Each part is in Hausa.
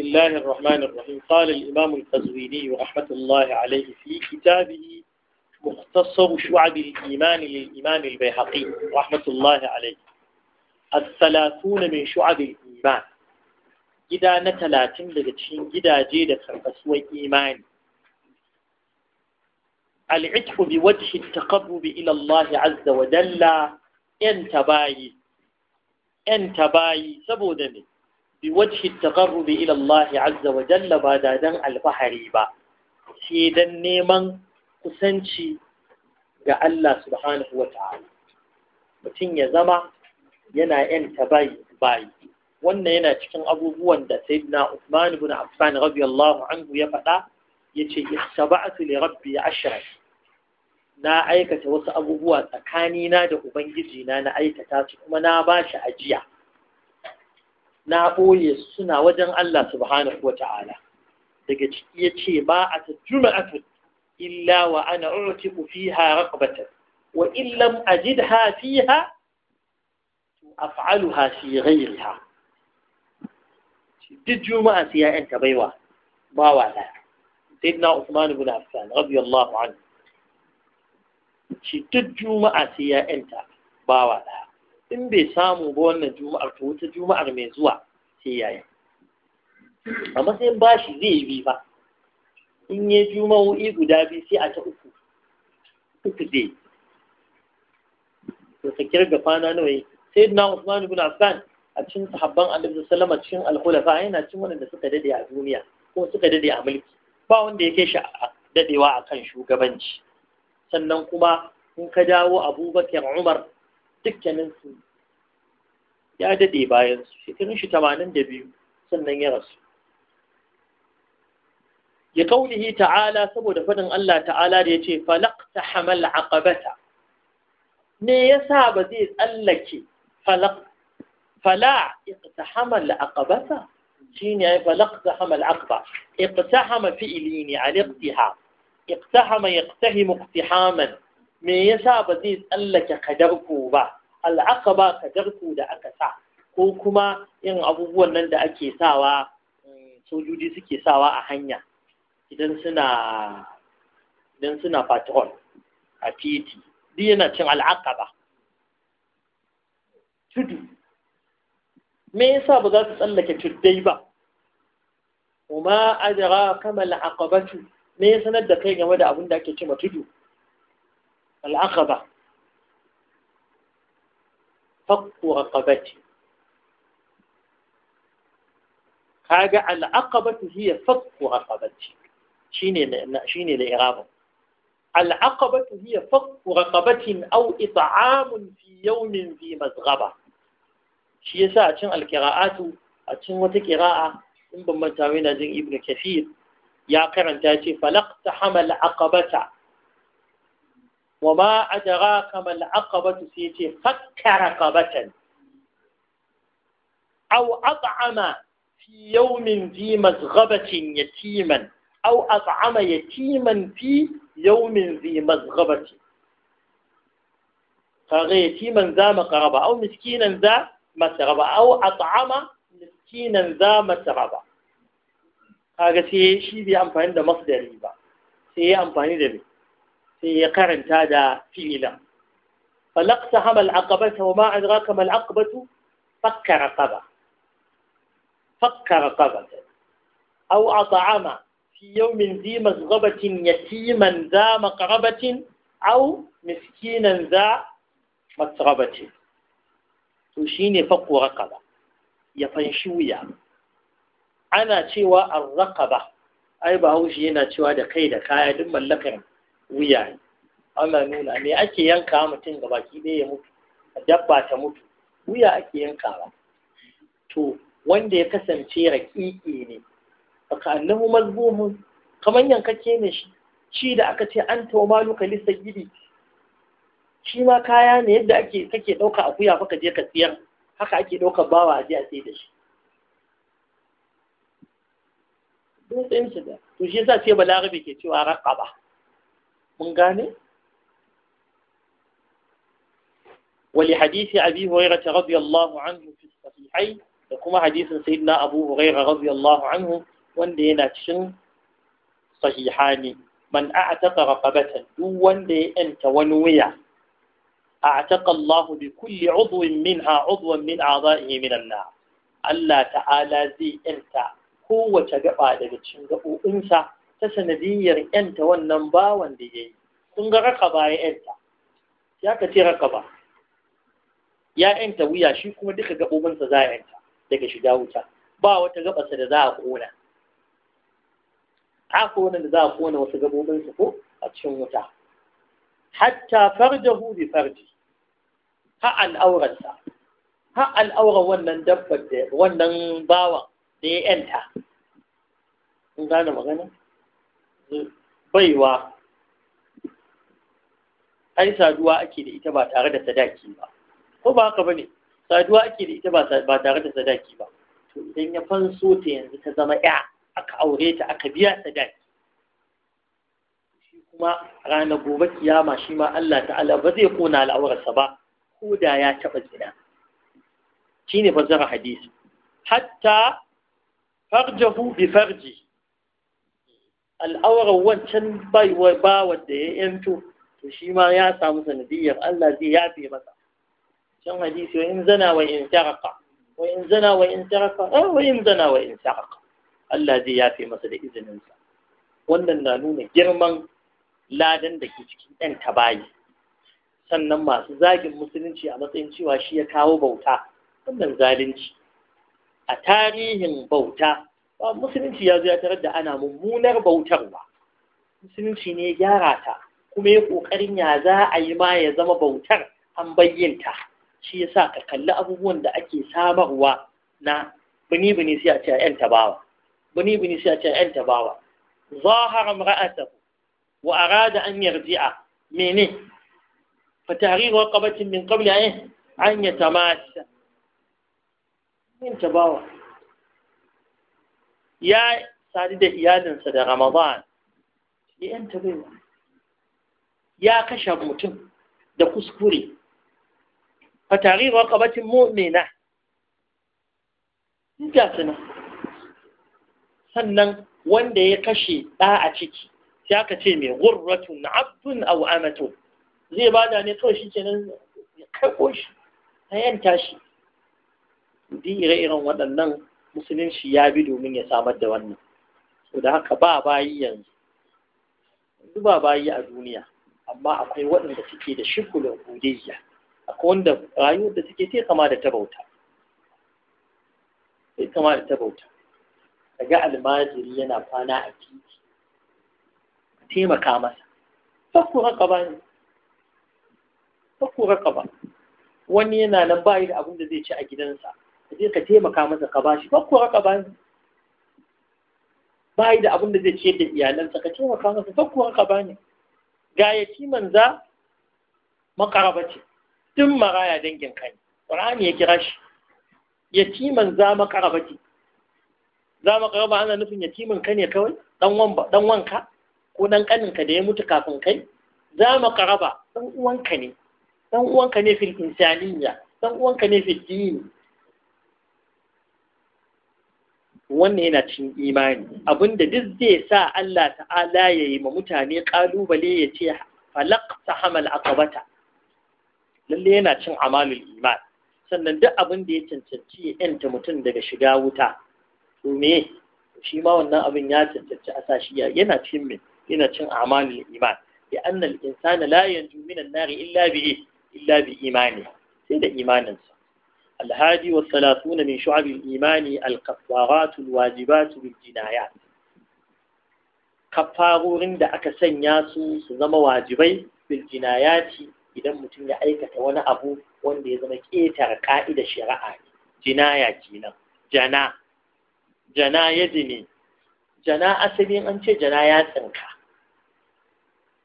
الله الرحمن الرحيم قال الإمام القزويني رحمة الله عليه في كتابه مختصر شعب الإيمان للإمام البيهقي رحمة الله عليه الثلاثون من شعب الإيمان إذا نتلا تنبغتشين إذا جيدة فأسوى إيمان العتق بوجه التقرب إلى الله عز وجل أنت باي أنت باي بوجه التقرب إلى الله عز da dan alfahari ba. با سيدا neman kusanci ga Allah subhanahu wa ta'ala mutum ya zama yana ‘yanta bayi bayi wannan yana cikin abubuwan da sayyidina Uthman ibn Affan radiyallahu anhu ya faɗa yace ce istaba'atu li rabbi ashra na aikata wasu abubuwa tsakanina da ubangiji na na aikata su kuma na ba shi ajiya na ɓoye suna wajen Allah subhanahu wa ta'ala daga ciki ya ce ba a ta juma'atu illa wa ana urtiku fiha raqbatan wa illam ajidha fiha ha fi ghayriha duk juma'a sai ya yanta baiwa ba wa da na Usman ibn Affan radiyallahu anhu shi duk juma'a sai ya ba wa da in bai samu ba wannan juma'ar to wata juma'ar mai zuwa sai yayi a matsayin shi zai yi ba in yi juma'o'i guda biyu sai a ta uku uku zai to sakir ga kwana nawa sai na Usman ibn Affan a cikin sahabban Annabi sallallahu alaihi cikin al-khulafa yana cikin wanda suka dade a duniya ko suka dade a mulki ba wanda ya kai shi dadewa kan shugabanci sannan kuma in ka dawo Abubakar Umar dukkaninsu ya dade bayan su shekarun shi tamanin da biyu sannan ya rasu ya kaunihi ta'ala saboda faɗin Allah ta'ala da ya ce falakta hamal aqabata ne ya sa ba zai tsallake fala iqtahamal aqabata shine ya falaqtahama al-aqba iqtahama fi'li ne al-iqtiham iqtahama yaqtahimu iqtihaman me yasa ba zai tsallake kadarku ba ba kadarku da aka sa ko kuma yin abubuwan nan da ake sawa eh, sojoji suke sawa a hanya idan suna idan suna patrol a titi duk yana cin ba. tudu me yasa ba za su tsallake tuddai ba kuma a jira kama al'aqabatu me ya sanar da kai game da abin da ake cewa tudu العقبة فك رقبتي هذا العقبة هي فك رقبتي شيني شيني الإعراب العقبة هي فك رقبة أو إطعام في يوم في مزغبة شيء ساعة القراءات أتشن وتقراءة إن بمتاوين أزين ابن كثير يا قرن تاتي فلقت حمل عقبة wa ma adraka mal aqabatu sai ce fakka raqabatan aw at'ama fi za mu karaba miskinan za masaraba ba sai ya karanta da fi'ila falaqta hamal aqabata wa ma adraka mal aqabatu fakka raqaba fakka raqabata aw at'ama fi yawmin dhi mazghabatin yatiman dha maqrabatin aw miskinan dha masrabatin to shine fakku raqaba ya fanshi wuya ana cewa arraqaba ai bahaushe yana cewa da kai da kaya duk mallakar wuya ne ana nuna me ake yanka mutum ga baki ɗaya ya mutu dabba ta mutu wuya ake yankawa to wanda ya kasance raƙiƙi ne baka annahu mazbuhun kamar yankake ne shi shi da aka ce an tauma luka lissa gidi shi ma kaya ne yadda ake kake ɗauka a kuya ka je ka siyar haka ake ɗaukar bawa a je a sai da shi sun tsayin shi da to shi yasa sai balarabe ke cewa raƙaba mun gane? wali hadisi abi huraira ta radiyallahu anhu fi sahihai da kuma hadisin sayyidina abu huraira radiyallahu anhu wanda yana cikin sahihani man a'taqa raqabatan duk wanda ya yanta wani wuya a'taqa Allah bi kulli udwin minha udwan min a'dha'ihi min Allah Allah ta'ala zai yanta kowace gaba daga cikin gabobinsa ta sanadiyyar yanta wannan bawan da ya yi kun ga raka ba ya yanta ya ka ce raka ba ya yanta wuya shi kuma duka gaɓoɓinsa za a yanta daga shiga wuta ba wata gaɓarsa da za a ƙona a ƙona da za a ƙona wasu gaɓoɓinsa ko a cikin wuta hatta farjahu bi farji ha al'aurarsa ha al'aurar wannan dabbar da wannan bawan da ya yanta kun gane magana baiwa ai saduwa ake da ita ba tare da sadaki ba ko ba haka bane saduwa ake da ita ba tare da sadaki ba to idan ya fanso ta yanzu ta zama ya aka aure ta aka biya sadaki shi kuma ranar gobe kiyama shi ma Allah ta'ala ba zai kona al'aurarsa ba ko da ya taɓa zina shine fasara hadisi hatta farjahu bi farji al'aurar wancan ba wadda ya yanto to shi ma ya samu sanadiyar Allah zai yafe masa can hadisi wa in zana wa in taraka wa in zana wa in taraka eh, wa in zana wa in taraka Allah zai yafe masa da izinin izininsa wannan na nuna girman ladan da ke cikin ɗan bayi. sannan masu zagin musulunci a matsayin cewa shi ya kawo bauta wannan zalunci a tarihin bauta musulunci ya zo ya tarar da ana mummunar bautarwa musulunci ne ya gyara ta kuma ya kokarin ya za a yi ma ya zama bautar an bayyanta shi ya sa ka kalli abubuwan da ake samarwa na bini bini sai a ce yan tabawa bini bini sai a ce yan tabawa zahara mar'atahu wa arada an yarji'a mene fa tahrir raqabatin min qabli an yatamassa min tabawa ya sadu da iyalinsa da Ramadan ya yanta baiwa ya kashe mutum da kuskure fa tarihi raqabatin mu'mina ga suna sannan wanda ya kashe ɗa a ciki sai aka ce mai gurratun abdun aw amatu zai bada ne kawai shi kenan ya ko shi a yanta shi duk ire-iren waɗannan musulunci ya bi domin ya samar da wannan so da haka ba bayi yanzu duk ba bayi a duniya amma akwai waɗanda suke da shirkulun hudayya akwai wanda rayuwar da suke sai kama da ta bauta sai kama da ta bauta kaga almajiri yana kwana a titi taimaka masa fakku haka ba ne fakku haka ba wani yana nan bayi da abin da zai ci a gidansa sai ka taimaka masa ka bashi ba ko raka ba bai da abin da zai ce da iyalansa ka taimaka masa ba ko raka ba ne ga yatiman za makaraba ce tun maraya dangin kai Qur'ani ya kira shi yatiman za makaraba ce za makaraba ana nufin yatimin ka ne kawai dan wanka ko dan ƙaninka da ya mutu kafin kai za makaraba dan uwanka ne dan uwanka ne fil insaniya dan uwanka ne fil dini wannan yana cin imani abinda duk zai sa Allah ta'ala ya yi ma mutane kalubale ya ce ta hamal aqabata lalle yana cin amalul iman sannan duk abin da ya cancanci ya yanta mutum daga shiga wuta to me shi ma wannan abin ya cancanci a sashi yana cin min yana cin amalul iman ya annal al insana la yanju illa illa bi imani sai da imaninsa الهادي والثلاثون من شعب الإيمان الكفارات الواجبات بالجنايات kafarorin da aka sanya su su zama wajibai bil jinayati idan mutum ya aikata wani abu wanda ya zama ƙetare ka'ida shari'a ne jinaya kenan jana jana ya ne jana asalin an ce jana ya tsinka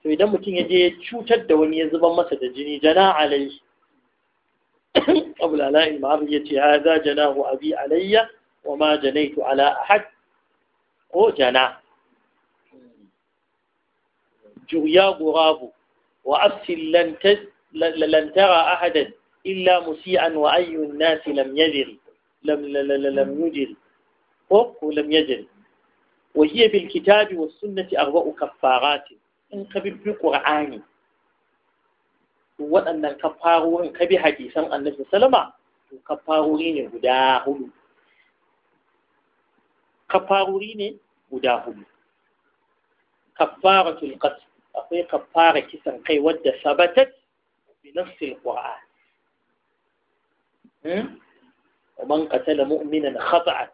to idan mutum ya je ya cutar da wani ya zuba masa da jini jana alai قبل ألاء المعرية هذا جناه أبي علي وما جنيت على أحد هو جناه جويا غراب وأفسل لن, تز... لن ترى أحدا إلا مسيئا وأي الناس لم يجري لم لم يجر لم ولم يجري وهي بالكتاب والسنة أربع كفارات إن قبل بقرآني waɗannan kafarorin ka bi hadisan annabi salama to kafarori ne guda hudu kafarori ne guda hudu kafaratul qatl akwai kafara kisan kai wadda sabatat bi nafsil qur'an ومن قتل مؤمنا خطأ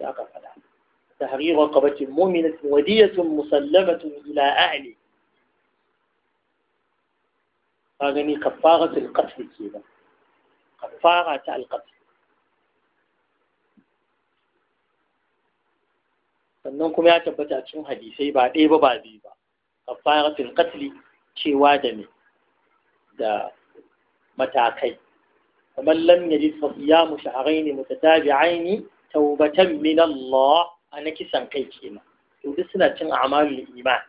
يا قفلا تحرير رقبة مؤمنة ودية مسلمة إلى أهله ka gani kaffaratul qatl kenan kaffara ta sannan kuma ya tabbata a cikin hadisai ba ɗaya ba ba biyu ba kaffaratul qatl cewa da me da matakai kamar lam mu fa siyamu shahrayn mutatabi'ain tawbatan min Allah na kisan kai kenan to duk suna cin a'malul iman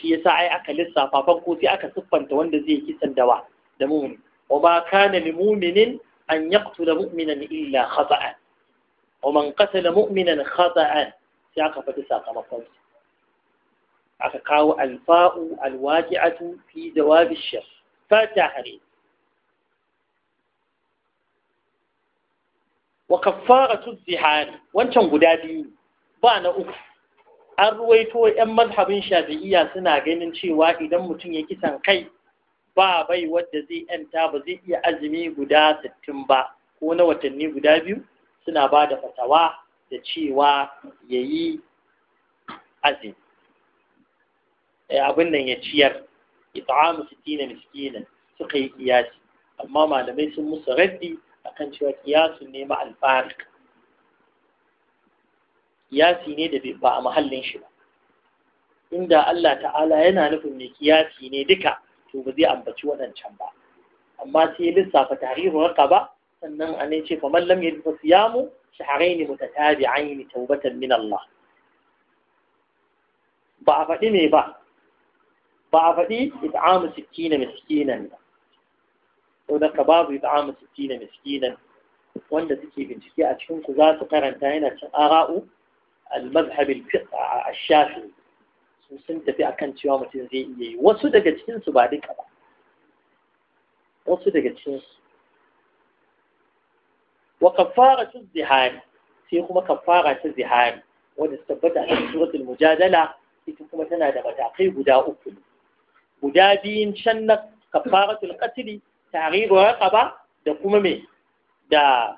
shi yasa ai aka lissafa farko sai aka siffanta wanda zai kisan dawa da mu'min wa ma kana li mu'minin an yaqtula mu'minan illa khata'an wa man qatala mu'minan khata'an sai aka faɗi sakamakon aka kawo alfa'u alwaqi'atu fi jawab ash-shar fatahri wa kaffaratu az-zihari wancan guda biyu ba na uku an ruwaito 'yan mazhabin shafi'iya suna ganin cewa idan mutum ya kisan kai ba bai wadda zai yanta ba zai iya azumi guda sittin ba ko na watanni guda biyu suna ba da fatawa da cewa ya yi azumi eh, abin nan ya ciyar it'amu sittina miskinan suka yi kiyasi amma malamai sun musu raddi akan cewa kiyasun ne ma alfarik kiyasi ne da ba a mahallin shi ba inda Allah ta'ala yana nufin mai kiyasi ne duka to ba zai ambaci waɗancan ba amma sai lissafa tarihin raka ba sannan a ne ce fa mallam ya rufa siyamu shaharaini mutatabi'aini taubatan min Allah ba a faɗi ne ba ba a faɗi it'amu sittina miskinan ba da ka babu it'amu sittina miskinan wanda suke bincike a cikin ku za su karanta yana cin ara'u المذهب الفقه الشافعي sun tafi akan cewa mutum zai iya yi wasu daga cikinsu ba duka ba wasu daga cikinsu wa kafara ta zihari sai kuma kafara ta zihari wanda tabbata a cikin suratul mujadala ita kuma tana da matakai guda uku guda biyun can na kafaratul qatl tahriru raqaba da kuma me da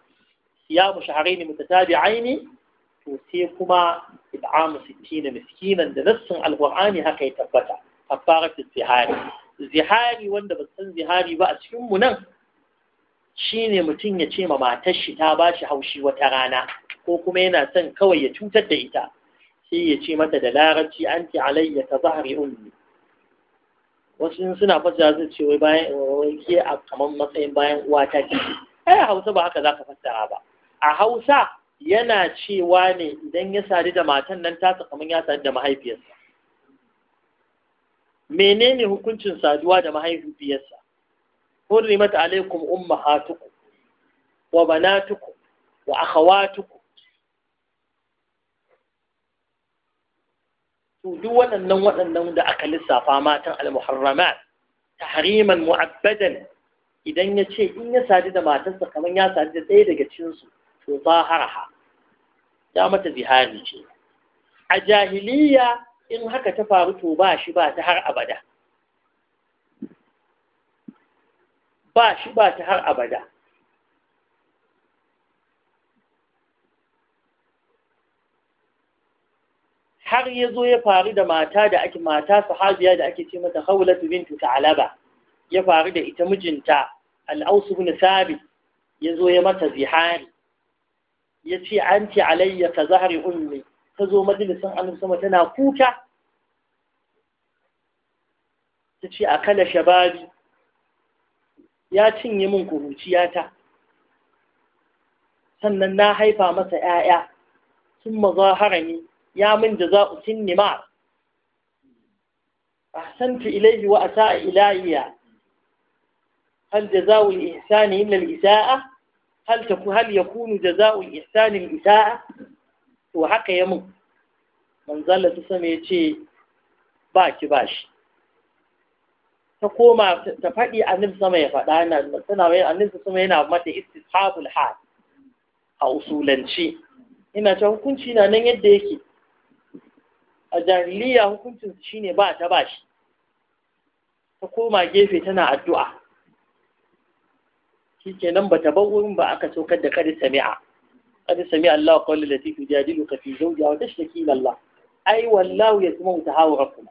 siyamu shahrayn mutatabi'ain to sai kuma id'amu sittina miskinan da nassin alqur'ani haka ya tabbata kafarat zihari zihari wanda ba san zihari ba a cikin mu nan shine mutum ya ce ma matar shi ta bashi haushi wata rana ko kuma yana son kawai ya cutar da ita sai ya ce mata da larabci anti alayya ta zahari ummi wasu suna fassara su ce wai bayan ke a kaman matsayin bayan uwa ta ke ai Hausa ba haka zaka fassara ba a Hausa yana cewa ne idan ya sadu da matan nan tasa kamar ya sadu da mahaifiyarsa menene hukuncin saduwa da mahaifiyarsa mata alaikum hatuku, wa banatuku, wa akhawatuku. to duk waɗannan waɗannan da aka lissafa matan al-muharramat tahriman mu'abbadan idan ya ce in ya sadu da matarsa kamar ya sadu da ɗaya daga cikinsu to zaharaha ta mata zihari ce a jahiliya in haka ta faru to ba shi ba ta har abada ba shi ba ta har abada har ya zo ya faru da mata da ake mata sahabiya da ake ce mata khawlatu bintu ta'alaba ya faru da ita mijinta al-aus ibn sabit ya zo ya mata zihari ya ce an ce alayya ka zahari ummi ta zo majalisin annabi sama tana kuka ta ce a kala shababi ya cinye min kuruciyata sannan na haifa masa ‘ya'ya sun mazahara ne ya min da za utin nima a santa ilaihi wa a sa'a ilayiya hal da za ihsani illal isa'a hal taku hal yakunu jaza'ul ihsanin isa'a to haka ya mun manzala ta sama ya ce ba ki ba shi ta koma ta faɗi a annabi sama ya faɗa yana tana mai annabi sama yana mata istishabul hal a usulanci ina ta hukunci na nan yadda yake a jahiliya hukuncin shine ba ta ba shi ta koma gefe tana addu'a shikenan ba ta bar wurin ba aka saukar da kada sami'a kada sami'a Allah qawla lati tujadiluka fi zawjiha wa tashtaki ila Allah ai wallahu yasma'u tahawurakum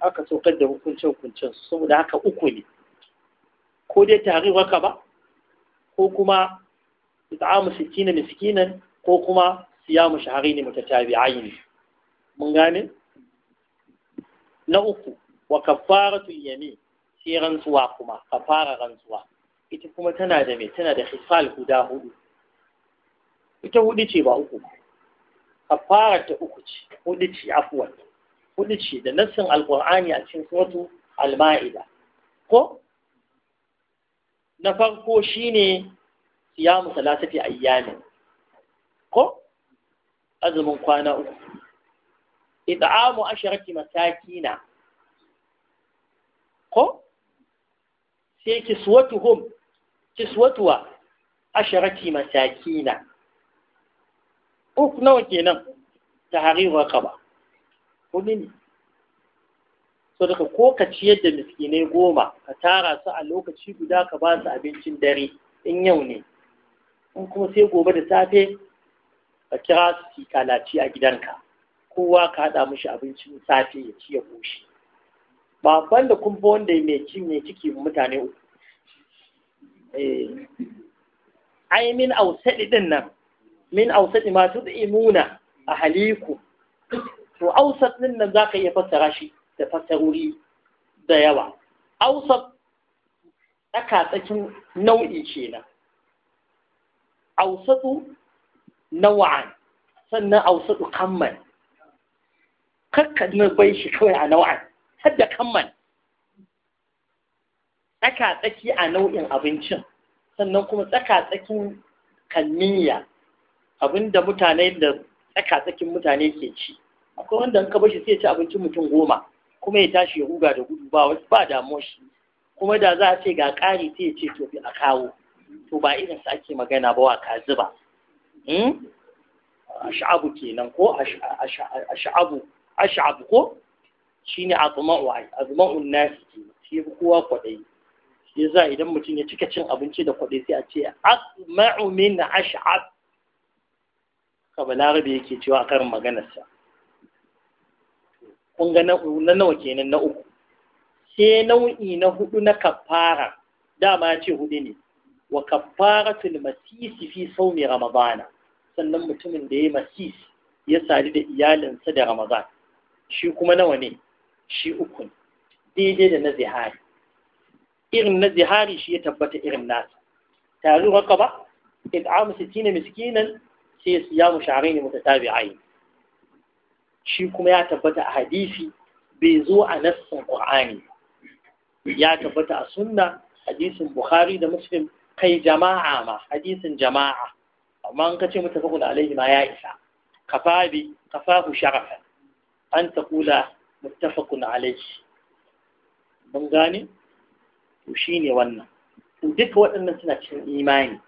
aka saukar da hukuncin hukuncin saboda haka uku ne ko dai tare waka ba ko kuma it'amu sittina miskinan ko kuma siyamu shahrayn mutatabi'ain mun gane na uku wa kafaratul yamin sai rantsuwa kuma kafara rantsuwa ita kuma tana da mai tana da hisal guda hudu ita hudu ce ba uku kafara ta uku ce hudu ce afwan hudu ce da nassin alqur'ani a cikin suratu al-ma'ida ko na farko shine siyamu salasati ayyamin ko azumin kwana uku id'amu asharati masakina ko sai kiswatuhum kiswatuwa asharati masakina uku nawa kenan tahrir raqaba Kuni ne so ko ka ciyar da miskinai goma ka tara su a lokaci guda ka ba su abincin dare in yau ne in kuma sai gobe da safe ka kira su kalaci a gidanka kowa ka haɗa mishi abincin safe ya ci ya koshi ba da kumfa wanda mai ci mai ciki mutane uku eh ai min ausadi din nan min ausadi ma a haliku. to ausad din nan zaka iya fassara shi da fassaruri da yawa ausad tsaka tsakin nau'i kenan ausatu nawa'an sannan ausatu kamman kakkadin bai shi kawai a nau'an hadda kamman tsaka-tsaki a nau'in abincin sannan kuma tsaka-tsakin kalmiya abinda mutane da tsaka-tsakin mutane ke ci akwai wanda in ka bashi sai ci abincin mutum goma kuma ya tashi ya huga da gudu ba ba shi kuma da za a ce ga ƙari sai ya ce to bi a kawo to ba irin su ake magana ba wa kazi ba hmm? ash'abu kenan ko ash'abu ash'abu ko shine azma'u azma'un nas kenan sai kowa kwaɗayi yasa idan mutum ya cika cin abinci da kwaɗe sai a ce asma'u min ash'ab ka balarabe yake cewa a karin maganarsa kun na nawa kenan na uku sai nau'i na hudu na kafara dama ya ce hudu ne wa kafaratul masisi fi saumi ramadana sannan mutumin da ya masisi ya sadu da iyalinsa da ramadan shi kuma nawa ne shi uku daidai da na zihari irin na zihari shi ya tabbata irin nasa tare haka ba it'amu sittina miskinan sai siyamu sha'rayn mutatabi'ain shi kuma ya tabbata a hadisi bai zo a nassin qur'ani ya tabbata a sunna hadisin bukhari da muslim kai jama'a ma hadisin jama'a amma an kace kuna alaihi ma ya isa kafa bi kafahu sharafa an taqula kuna alaihi mun gane to shi ne wannan duka waɗannan suna cikin imani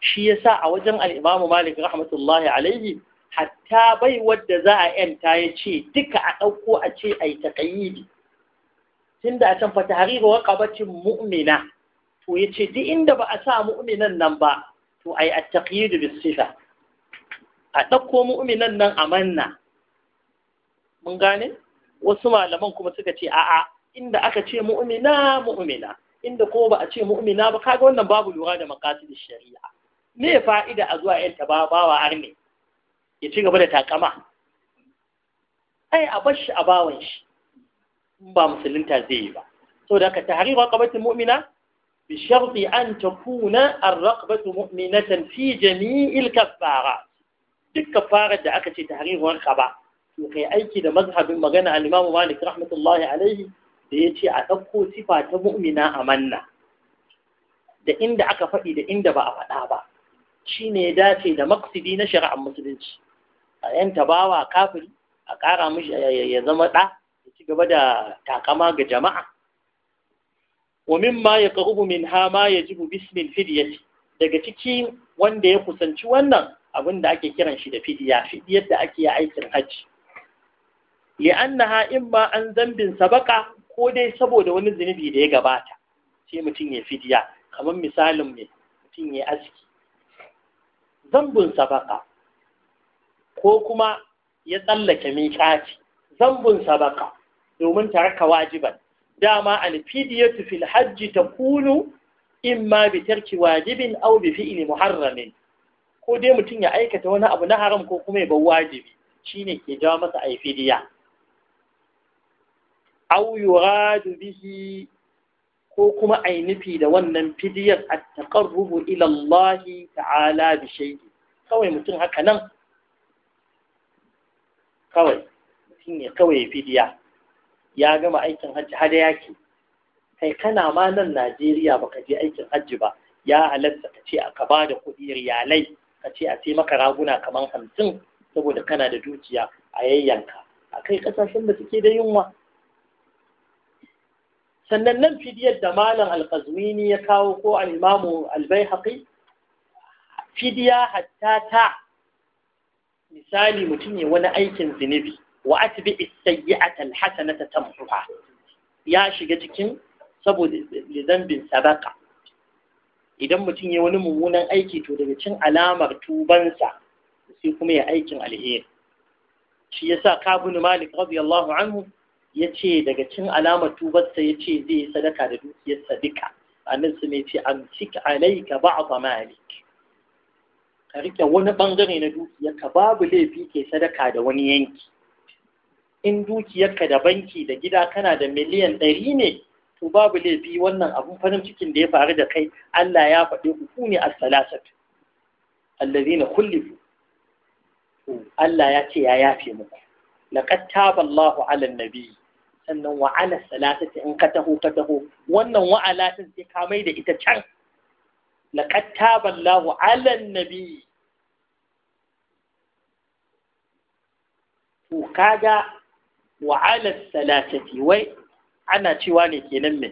shi ya sa a wajen al Malik rahmatullahi alaihi hatta bai wadda za a yanta ya ce duka a ɗauko a ce a yi taƙayyidi tun da a can fata harira ƙabacin mu'mina to ya ce duk inda ba a sa mu'minan nan ba to a yi a taƙayyidi sifa a ɗauko mu'minan nan a manna mun gane wasu malaman kuma suka ce a'a inda aka ce mu'mina mu'mina inda kuma ba a ce mu'mina ba kaga wannan babu lura da maqasid shari'a me fa'ida a zuwa yanta ba bawa arne ya ci gaba da takama ai a bar shi a bawan shi ba musulunta zai yi ba saboda haka tahrir raqabatin mu'mina bi sharti an takuna ar-raqabatu mu'minatan fi jami'il kaffara duk kafarar da aka ce tahrir raqaba to kai aiki da mazhabin magana al-Imam Malik rahmatullahi alaihi da ya ce a ɗauko sifa ta mu'mina a manna da inda aka faɗi da inda ba a faɗa ba shi ne ya dace da maksidi na shari'ar musulunci a yan tabawa kafiri a ƙara mishi ya zama ɗa ya ci gaba da takama ga jama'a wa mimma ya ƙarubu min ha ma ya jibu bismin fidiyati daga ciki wanda ya kusanci wannan abin da ake kiran shi da fidiya fidiyar da ake aikin hajji annaha imma an zambin sabaka ko dai saboda wani zunubi da ya gabata sai mutum ya fidiya kamar misalin mai mutum ya aski zambun sabaka ko kuma ya tsallake miƙaci zambun sabaka domin taraka wajiban dama alfidiyatu fil hajji ta In ma bi tarki wajibin aw bi fi'li muharramin ko dai mutum ya aikata wani abu na haram ko kuma ya bar wajibi Shi ne ke jawo masa ayi fidiya aw radu, bihi ko kuma a nufi da wannan fidiyar a taƙarrubu ilallahi ta'ala da shaidi kawai mutum haka nan kawai mutum ne kawai fidiya ya gama aikin hajji hada yake kai kana ma nan najeriya baka je aikin hajji ba ya halatta ka ce aka ba da kuɗi riyalai ka ce a ce maka raguna kamar hamsin saboda kana da dukiya a yayyanka a kai ƙasashen da suke da yunwa sannan nan fidiyar da malam alƙazwini ya kawo ko al'imamu haƙi? fidiya hatta ta misali mutum ne wani aikin zunubi wa atbi isayyi atal al ta tamhuha ya shiga cikin saboda zambin sabaka idan mutum ya wani mummunan aiki to daga cin alamar tubansa sai kuma ya aikin alheri shi yasa kabun malik radiyallahu anhu ya ce daga cin alamar tubarsa ya ce zai yi sadaka da dukiyarsa a nan su mai ce amsik alaika a malik ka rike wani bangare na dukiyarka babu laifi ke sadaka da wani yanki in dukiyarka da banki da gida kana da miliyan ɗari ne to babu laifi wannan abin farin cikin da ya faru da kai Allah ya faɗi ku ne as-salasat allazina kullifu Allah ya ce ya yafe muku laqad taba Allahu 'ala sannan wa ala salatati in ka taho ka taho wannan wa ala din sai da ita can laqad taballahu ala nabi to kaga wa ala salatati wai ana cewa ne kenan me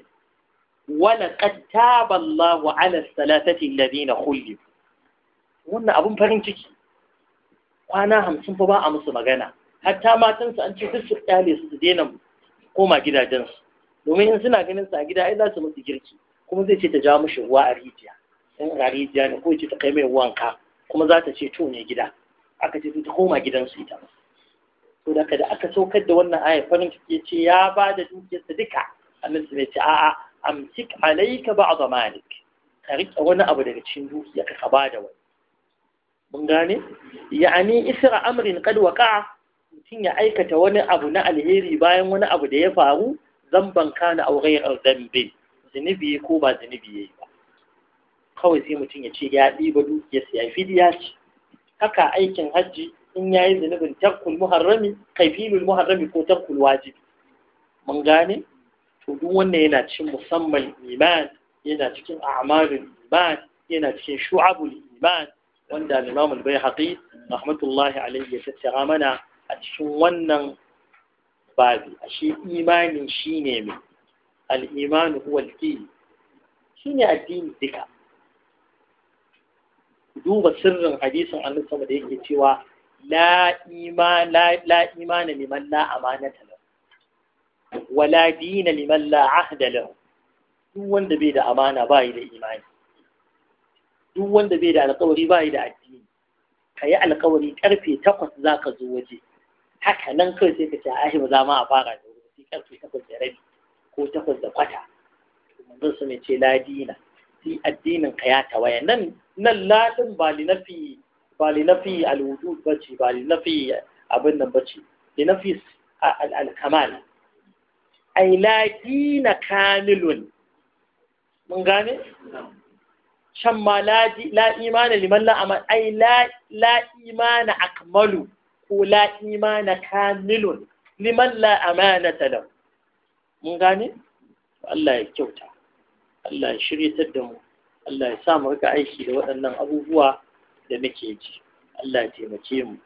ولقد تاب الله على الثلاثة الذين خلفوا wannan abun farin ciki kwana hamsin fa ba a musu magana hatta matansa an ce duk su kyale su daina koma gidajensu domin in suna ganin su a gida ai za su musu girki kuma zai ce ta ja mishi ruwa a rijiya in a rijiya ne ko ce ta kai mai wanka kuma za ta ce to ne gida aka ce ta koma gidansu ita to da da aka saukar da wannan ayar farin ciki ce ya ba da dukiyarsa duka annabi sai ce a'a amsik alayka ba'd malik ka rike wani abu daga cikin dukiya ka ba da wani mun gane Ya'ani isra amrin qad waqa'a mutum ya aikata wani abu na alheri bayan wani abu da ya faru zamban kana aw ghayra dhanbin zunubi ko ba zunubi yi ba kawai sai mutum ya ce ya ɗiba dukiyar sa ya fidiya ce haka aikin hajji in yayi zunubin tarkul muharrami kaifilul muharrami ko tarkul wajibi mun gane to duk wannan yana cikin musamman iman yana cikin a'malul iman yana cikin shu'abul iman wanda al-imam al-bayhaqi rahmatullahi alayhi ya tattara mana a cikin wannan babi shi imani shine mai al-imanu huwa al ne addini duka duba sirrin hadisin Allah sama da yake cewa la imana liman la amanata lau, wa la dina liman la da lau, duk wanda bai da amana ba yi da imani duk wanda bai da alƙawari ba yi da addini ka yi alƙawari karfe takwas za ka zo waje haka nan kawai sai ka ce shi ba za ma a fara da wuri sai karfe takwas da rabi ko takwas da kwata manzon su ne ce ladina sai addinin ka ya tawaya nan nan ladin ba li nafi ba li nafi alwujud ba li nafi abin nan ce li nafi al-kamal ai ladina kamilun mun gane shan ma la imana liman la amal ai la imana akmalu ko la imana kamilun liman la amanata lahu mun gane Allah ya kyauta Allah ya shiryatar da mu Allah ya sa mu rika aiki da waɗannan abubuwa da muke ji Allah ya taimake mu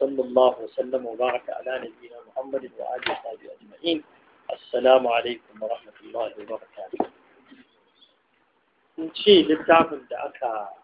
sallallahu wasallam wa baraka ala nabiyyina Muhammadin wa alihi wa sahbihi ajma'in assalamu alaikum wa rahmatullahi wa barakatuh kun ce littafin da aka